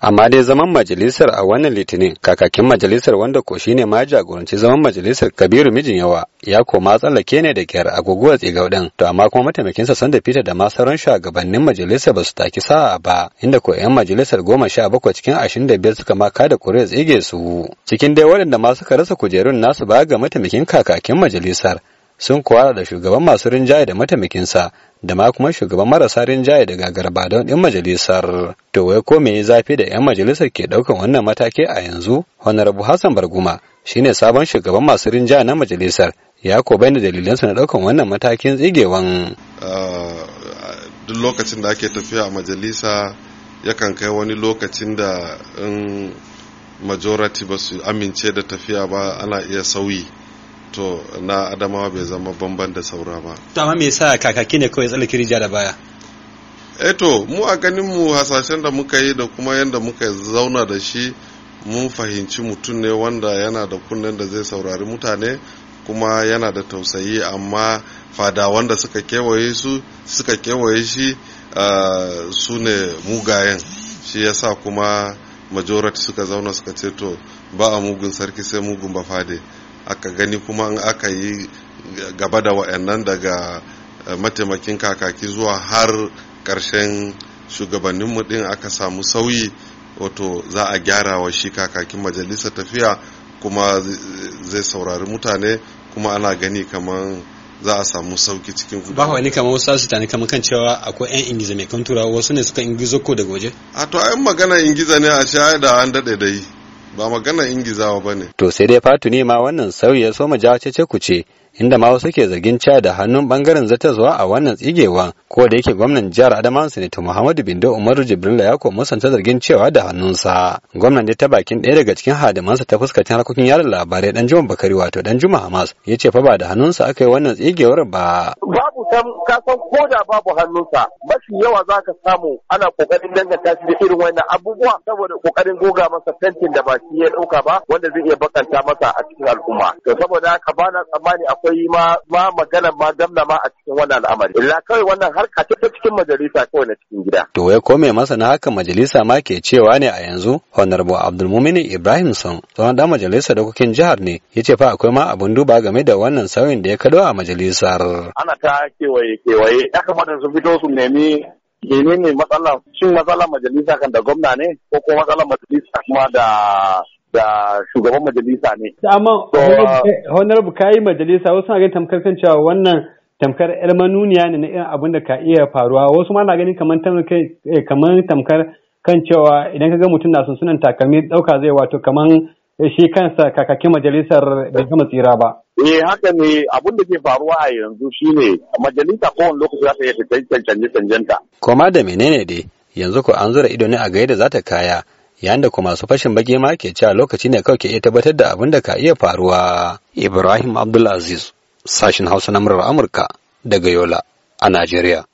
amma dai zaman majalisar a wannan litinin kakakin majalisar wanda ko shine ma jagoranci zaman majalisar kabiru mijin yawa ya koma tsallake ne da kyar a guguwar tsigau din to amma kuma mataimakinsa da fita da ma sauran shugabannin majalisar ba su taki sa'a ba inda ko yan majalisar goma sha bakwai cikin ashirin da biyar suka ma kada kuri'a tsige su cikin dai waɗanda ma suka rasa kujerun nasu ba ga mataimakin kakakin majalisar sun kwara da shugaban masu rinjaye da mataimakinsa da ma kuma shugaban marasa rinjaye daga Garba don yan majalisar to wai ko me zafi da yan majalisar ke daukan wannan mataki a yanzu honorable hassan barguma shine sabon shugaban masu rinjaye na majalisar ya ko bayyana dalilansa na daukan wannan matakin tsigewan ah, duk lokacin da ake tafiya a majalisa yakan kai wani lokacin da in majority ba su amince da tafiya ba ana iya sauyi to na adamawa bai zama bamban da saura ba to amma me yasa kakaki ne kawai tsalkiri ja da baya eto eh mu a ganin mu hasashen da muka yi da kuma yanda muka zauna da shi mun fahimci mutum ne wanda yana da kunnen da zai saurari mutane kuma yana da tausayi amma fada wanda suka kewaye su suka kewaye shi uh, su ne mugayen shi yasa kuma majority suka zauna suka ce to ba a mugun sarki sai mugun Bafade. aka gani kuma in aka yi gaba da wa'annan daga eh, mataimakin kakaki zuwa har ƙarshen shugabanninmu ɗin aka samu sauyi wato za a gyara wa shi kakakin majalisa tafiya kuma zai saurari mutane kuma ana gani kamar za a samu sauki cikin kudu. Ba wani kamar wasu su tani kamar kan cewa akwai 'yan ingiza mai kan turawa wasu ne suka ingizo ko daga waje? A to ayan magana ingiza ne a sha da an daɗe da yi. ba magana ingizawa ba ne. To sai dai fatu ne ma wannan sauyi ya soma ce ku ce. inda ma wasu ke zargin cewa da hannun bangaren zuwa a wannan tsigewa ko da yake gwamnan jihar Adamawa Sanata Muhammadu Bindo Umaru Jibrilla ya ko musanta zargin cewa da hannunsa. Gwamnan da ta bakin ɗaya daga cikin hadimansa ta fuskacin harkokin yada labarai dan Juma Bakari wato dan Juma Hamas ya ce fa ba da hannunsa aka yi wannan tsigewar ba. Babu san kasan ko da babu hannunsa mafi yawa za ka samu ana kokarin danganta shi da irin wannan abubuwa saboda kokarin goga masa fentin da ba shi ya ɗauka ba wanda zai iya bakanta masa a cikin al'umma. To saboda haka ba na tsammani akwai akwai ma ma magana ma gamna ma a cikin wannan al'amari illa kawai wannan harka ta ta cikin majalisa kawai na cikin gida to wai ko mai masana haka majalisa ma ke cewa ne a yanzu honorable abdulmumin ibrahim son tsohon dan majalisa dokokin jihar ne yace fa akwai ma abun duba game da wannan sauyin da ya kado a majalisar ana ta kewaye kewaye ya kamata su fito su nemi menene matsala shin matsala majalisa kan da gwamna ne ko ko matsala majalisa kuma da da shugaban majalisa ne. Amma honorable uh, eh, yi majalisa wasu na ganin tamkar kan cewa wannan tamkar yar manuniya ne na irin abin da ka iya faruwa wasu ma na ganin kamar eh, tamkar kan cewa idan ka ga mutum na sunan takalmi ɗauka zai wato kamar eh, shi kansa kakakin majalisar da gama tsira ba. Eh haka ne abin da ke faruwa a yanzu shi ne majalisa kowane lokaci za ta iya canje canjenta. Koma da menene dai yanzu ko an zura ido ne a gaida za ta kaya yayin da kuma su fashin bage ma ke cewa lokaci ne kawai ke iya tabbatar da abin da ka iya faruwa Ibrahim Abdulaziz sashin Hausa na murar Amurka daga Yola a Najeriya